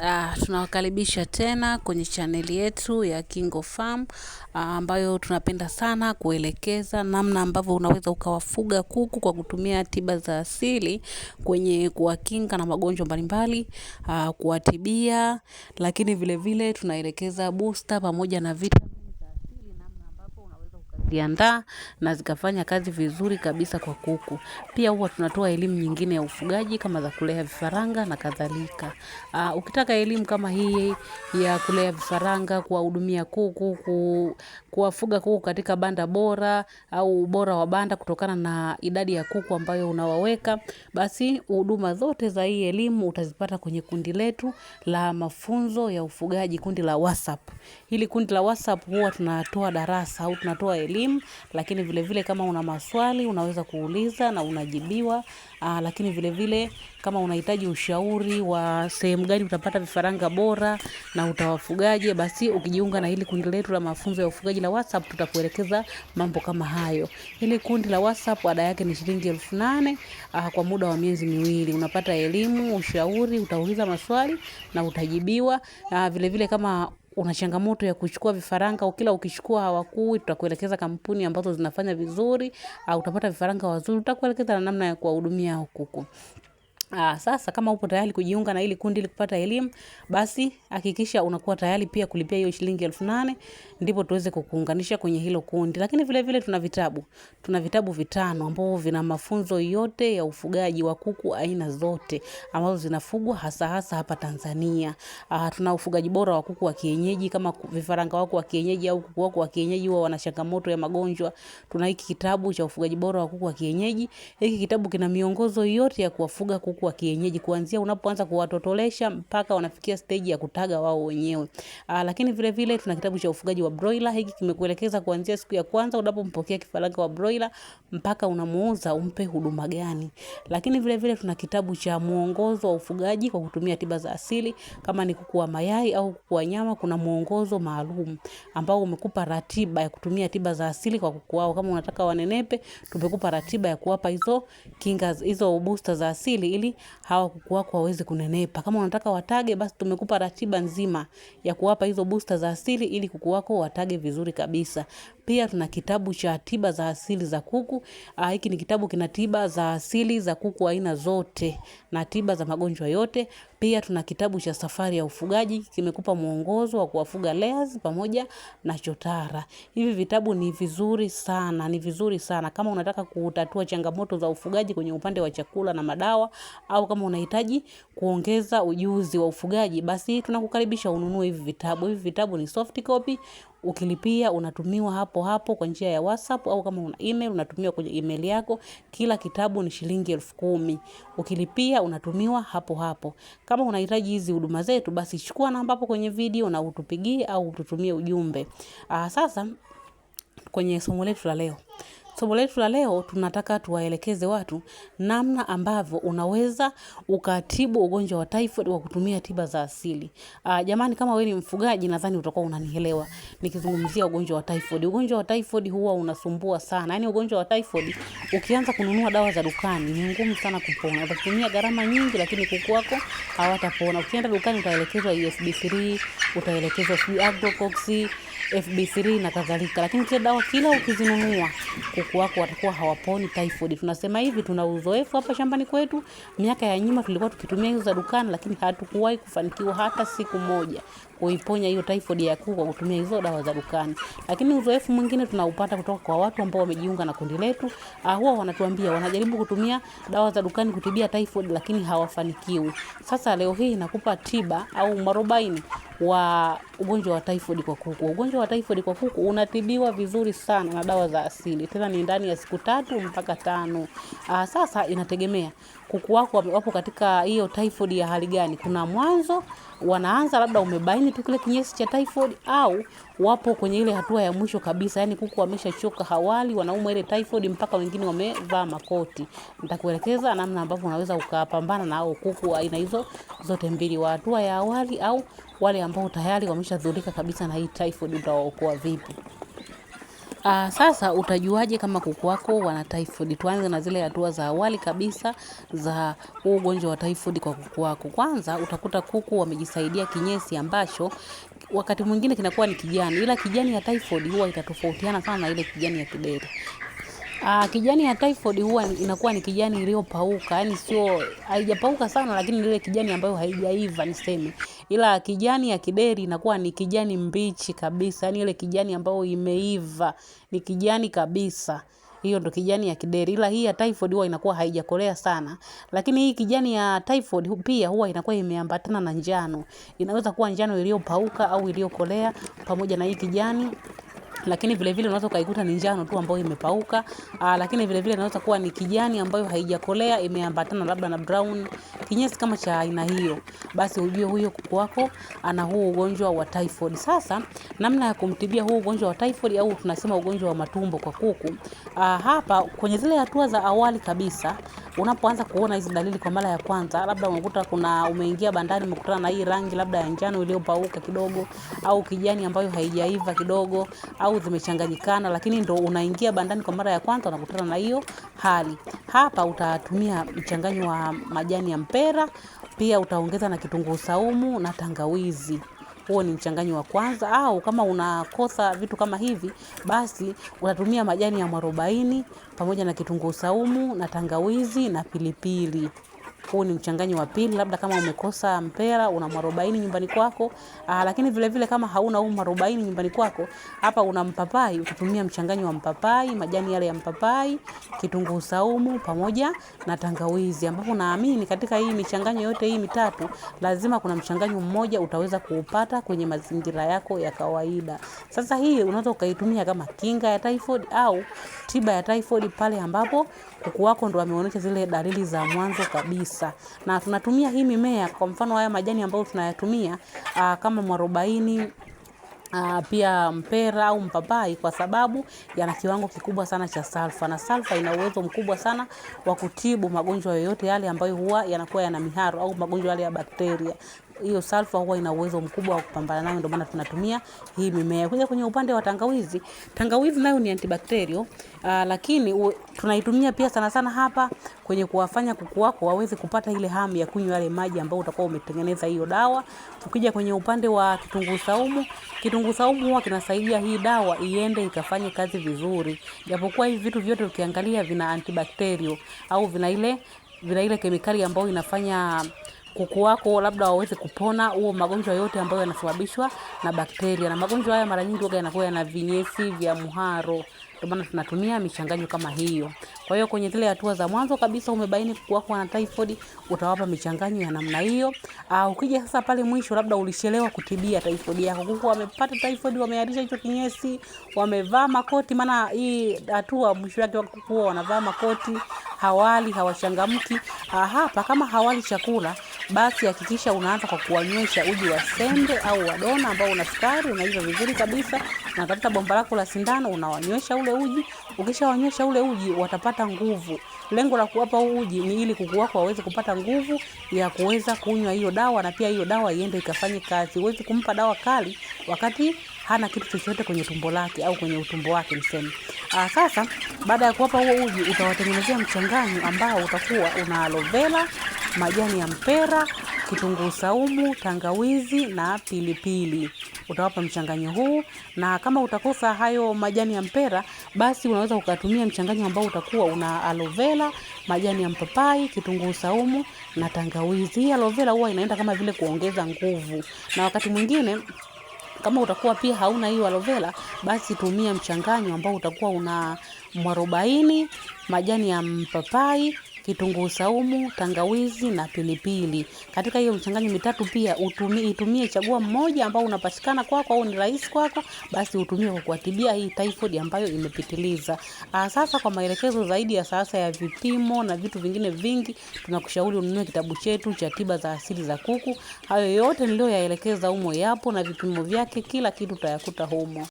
Uh, tunawakaribisha tena kwenye chaneli yetu ya Kingo Farm uh, ambayo tunapenda sana kuelekeza namna ambavyo unaweza ukawafuga kuku kwa kutumia tiba za asili kwenye kuwakinga na magonjwa mbalimbali uh, kuwatibia, lakini vilevile vile tunaelekeza booster pamoja na vitamin zikajiandaa na zikafanya kazi vizuri kabisa kwa kuku. Pia huwa tunatoa elimu nyingine ya ufugaji kama za kulea vifaranga na kadhalika. Uh, ukitaka elimu kama hii ya kulea vifaranga, kuwahudumia kuku, ku, kuwafuga kuku katika banda bora au ubora wa banda kutokana na idadi ya kuku ambayo unawaweka, basi huduma zote za hii elimu utazipata kwenye kundi letu la mafunzo ya ufugaji, kundi la WhatsApp. Hili kundi la WhatsApp huwa tunatoa darasa au tunatoa elimu elimu, lakini vile vile kama una maswali unaweza kuuliza na unajibiwa. Aa, ah, lakini vile vile kama unahitaji ushauri wa sehemu gani utapata vifaranga bora na utawafugaje, basi ukijiunga na hili kundi letu la mafunzo ya ufugaji la WhatsApp tutakuelekeza mambo kama hayo. Hili kundi la WhatsApp ada yake ni shilingi elfu nane ah, kwa muda wa miezi miwili. Unapata elimu, ushauri, utauliza maswali na utajibiwa. Aa, ah, vile vile kama una changamoto ya kuchukua vifaranga, kila ukichukua hawakui, tutakuelekeza kampuni ambazo zinafanya vizuri, au utapata vifaranga wazuri, tutakuelekeza na namna ya kuwahudumia hao kuku. Aa, ah, sasa kama upo tayari kujiunga na hili kundi ili kupata elimu, basi hakikisha unakuwa tayari pia kulipia hiyo shilingi elfu nane ndipo tuweze kukuunganisha kwenye hilo kundi. Lakini vile vile tuna vitabu, tuna vitabu vitano ambavyo vina mafunzo yote ya ufugaji wa kuku aina zote ambazo zinafugwa hasa hasa hapa Tanzania. Aa, ah, tuna ufugaji bora wa kuku wa kienyeji kama vifaranga wako wa kienyeji au kuku wako wa kienyeji huwa wana changamoto ya magonjwa. Tuna hiki kitabu cha ufugaji bora wa kuku wa kienyeji. Hiki kitabu kina miongozo yote ya kuwafuga kuku kuku wa kienyeji kuanzia unapoanza kuwatotolesha mpaka wanafikia stage ya kutaga wao wenyewe. Ah, lakini vile vile tuna kitabu cha ufugaji wa broiler. Hiki kimekuelekeza kuanzia siku ya kwanza unapompokea kifaranga wa broiler mpaka unamuuza umpe huduma gani. Lakini vile vile tuna kitabu cha muongozo wa ufugaji kwa kutumia tiba za asili kama ni kuku wa mayai au kuku wa nyama, kuna muongozo maalum ambao umekupa ratiba ya kutumia tiba za asili kwa kuku wao. Kama unataka wanenepe, tumekupa ratiba ya kuwapa hizo kinga hizo booster za asili ili hawa kuku wako waweze kunenepa. Kama unataka watage, basi tumekupa ratiba nzima ya kuwapa hizo booster za asili ili kuku wako watage vizuri kabisa. Pia tuna kitabu cha tiba za asili za kuku. Ah, hiki ni kitabu kina tiba za asili za kuku aina zote na tiba za magonjwa yote. Pia tuna kitabu cha safari ya ufugaji, kimekupa mwongozo wa kuwafuga layers pamoja na chotara. Hivi vitabu ni vizuri sana, ni vizuri sana. Kama unataka kutatua changamoto za ufugaji kwenye upande wa chakula na madawa au kama unahitaji kuongeza ujuzi wa ufugaji, basi tunakukaribisha ununue hivi vitabu. Hivi vitabu ni soft copy. Ukilipia unatumiwa hapo hapo kwa njia ya WhatsApp au kama una email unatumiwa kwenye email yako. Kila kitabu ni shilingi elfu kumi. Ukilipia unatumiwa hapo hapo. Kama unahitaji hizi huduma zetu, basi chukua namba hapo kwenye video na utupigie au ututumie ujumbe. Ah, sasa kwenye somo letu la leo Somo letu la leo tunataka tuwaelekeze watu namna ambavyo unaweza ukatibu ugonjwa wa typhoid kwa kutumia tiba za asili. Ah, jamani kama wewe ni mfugaji nadhani utakuwa unanielewa nikizungumzia ugonjwa wa typhoid. Ugonjwa wa typhoid huwa unasumbua sana. Yaani ugonjwa wa typhoid ukianza kununua dawa za dukani ni ngumu sana kupona. Utatumia gharama nyingi lakini kuku wako hawatapona. Ukienda dukani utaelekezwa usb e 3 utaelekezwa Agrocox, FB3 na kadhalika, lakini zile dawa kila ukizinunua kuku wako watakuwa hawaponi typhoid. Tunasema hivi, tuna uzoefu hapa shambani kwetu. Miaka ya nyuma tulikuwa tukitumia hizo za dukani, lakini hatukuwahi kufanikiwa hata siku moja kuiponya hiyo typhoid ya kuku kwa kutumia hizo dawa za dukani. Lakini uzoefu mwingine tunaupata kutoka kwa watu ambao wamejiunga na kundi letu, ah, huwa wanatuambia wanajaribu kutumia dawa za dukani kutibia typhoid, lakini hawafanikiwi. Sasa leo hii nakupa tiba au marobaini wa ugonjwa wa typhoid kwa kuku. Ugonjwa wa typhoid kwa kuku unatibiwa vizuri sana na dawa za asili, tena ni ndani ya siku tatu mpaka tano. Aa, ah, sasa inategemea kuku wako wapo katika hiyo typhoid ya hali gani. Kuna mwanzo wanaanza labda umebaini tu kile kinyesi cha typhoid, au wapo kwenye ile hatua ya mwisho kabisa, yani kuku wameshachoka, hawali, wanaumwa ile typhoid mpaka wengine wamevaa makoti. Nitakuelekeza namna ambavyo unaweza ukapambana na hao kuku aina hizo zote mbili, wa hatua ya awali au wale ambao tayari wameshadhurika kabisa na hii typhoid utawaokoa vipi? Uh, sasa utajuaje kama kuku wako wana typhoid? Tuanze na zile hatua za awali kabisa za huu ugonjwa wa typhoid kwa kuku wako. Kwanza utakuta kuku wamejisaidia kinyesi ambacho wakati mwingine kinakuwa ni kijani, ila kijani ya typhoid huwa itatofautiana sana na ile kijani ya kideri. Ah, kijani ya typhoid huwa inakuwa ni kijani iliyopauka, yani sio haijapauka sana, lakini ile kijani ambayo haijaiva niseme, ila kijani ya kideri inakuwa ni kijani mbichi kabisa, yani ile kijani ambayo imeiva ni kijani kabisa hiyo ndo kijani ya kideri, ila hii ya typhoid huwa inakuwa haijakolea sana, lakini hii kijani ya typhoid pia huwa inakuwa imeambatana na njano. Inaweza kuwa njano iliyopauka au iliyokolea pamoja na hii kijani lakini vile vile unaweza ukaikuta ni njano tu ambayo imepauka. Aa, ah, lakini vile vile inaweza kuwa ni kijani ambayo haijakolea imeambatana labda na brown kinyesi kama cha aina hiyo, basi ujue huyo kuku wako ana huu ugonjwa wa typhoid. Sasa namna ya kumtibia huu ugonjwa wa typhoid au tunasema ugonjwa wa matumbo kwa kuku. ah, hapa kwenye zile hatua za awali kabisa unapoanza kuona hizi dalili kwa mara ya kwanza, labda unakuta kuna umeingia bandani umekutana na hii rangi labda ya njano iliyopauka kidogo au kijani ambayo haijaiva kidogo au zimechanganyikana, lakini ndo unaingia bandani kwa mara ya kwanza unakutana na hiyo hali. Hapa utatumia mchanganyo wa majani ya mpa mapera, pia utaongeza na kitunguu saumu na tangawizi. Huo ni mchanganyo wa kwanza. Au kama unakosa vitu kama hivi, basi unatumia majani ya mwarobaini pamoja na kitunguu saumu na tangawizi na pilipili. Huu ni mchanganyo wa pili, labda kama umekosa mpera, una mwarobaini nyumbani kwako. Aa, ah, lakini vile vile kama hauna huu mwarobaini nyumbani kwako, hapa una mpapai, utatumia mchanganyo wa mpapai, majani yale ya mpapai, kitunguu saumu pamoja na tangawizi, ambapo naamini katika hii michanganyo yote hii mitatu lazima kuna mchanganyo mmoja utaweza kuupata kwenye mazingira yako ya kawaida. Sasa hii unaweza ukaitumia kama kinga ya typhoid au tiba ya typhoid pale ambapo kuku wako ndo ameonyesha zile dalili za mwanzo kabisa kabisa, na tunatumia hii mimea kwa mfano haya majani ambayo tunayatumia uh, kama mwarobaini Uh, pia mpera au mpapai kwa sababu yana kiwango kikubwa sana cha salfa, na salfa ina uwezo mkubwa sana wa kutibu magonjwa yoyote yale ambayo huwa yanakuwa yana miharo au magonjwa yale ya bakteria hiyo sulfa huwa ina uwezo mkubwa wa kupambana nayo, ndio maana tunatumia hii mimea. Kuja kwenye upande wa tangawizi, tangawizi nayo ni antibacterial uh, lakini u, tunaitumia pia sana sana hapa kwenye kuwafanya kuku wako waweze kupata ile hamu ya kunywa yale maji ambayo utakuwa umetengeneza hiyo dawa. Ukija kwenye upande wa kitunguu saumu, kitunguu saumu huwa kinasaidia hii dawa iende ikafanye kazi vizuri, japokuwa hivi vitu vyote ukiangalia vina antibacterial au vina ile vina ile kemikali ambayo inafanya kuku wako labda waweze kupona huo magonjwa yote ambayo yanasababishwa na bakteria, na magonjwa haya mara nyingi huwa yanakuwa yana vinyesi vya muharo. Ndio maana tunatumia michanganyo kama hiyo. Kwa hiyo kwenye zile hatua za mwanzo kabisa umebaini kuku wako ana typhoid, utawapa michanganyo ya namna hiyo. Au ah, ukija sasa pale mwisho labda ulichelewa kutibia typhoid yako. Kuku wamepata typhoid, wameharisha hicho kinyesi, wamevaa makoti maana hii hatua mwisho yake kuku wanavaa makoti, hawali, hawachangamki. Ah, hapa kama hawali chakula basi hakikisha unaanza kwa kuwanywesha uji wa sembe au wa dona ambao una sukari, unaiva vizuri kabisa. na Unatafuta bomba lako la sindano, unawanywesha ule uji. Ukishaonyesha ule uji, watapata nguvu. Lengo la kuwapa uji ni ili kuku wako waweze kupata nguvu ya kuweza kunywa hiyo dawa, na pia hiyo dawa iende ikafanye kazi. Huwezi kumpa dawa kali wakati hana kitu chochote kwenye tumbo lake au kwenye utumbo wake mseme. Ah, sasa baada ya kuwapa huo uji, utawatengenezea mchanganyo ambao utakuwa una aloe vera, majani ya mpera kitunguu saumu, tangawizi na pilipili. Utawapa mchanganyo huu, na kama utakosa hayo majani ya mpera, basi unaweza ukatumia mchanganyo ambao utakuwa una aloe vera, majani ya mpapai, kitunguu saumu na tangawizi. Hii aloe vera huwa inaenda kama vile kuongeza nguvu, na wakati mwingine kama utakuwa pia hauna hiyo aloe vera, basi tumia mchanganyo ambao utakuwa una mwarobaini, majani ya mpapai kitunguu saumu, tangawizi na pilipili. Katika hiyo mchanganyo mitatu pia utumie, itumie chagua mmoja ambao unapatikana kwako au ni rahisi kwako, basi utumie kwa kuatibia hii typhoid ambayo imepitiliza. Aa, ah, sasa kwa maelekezo zaidi ya sasa ya vipimo na vitu vingine vingi, tunakushauri ununue kitabu chetu cha tiba za asili za kuku. Hayo yote niliyoyaelekeza humo yapo na vipimo vyake, kila kitu utayakuta humo.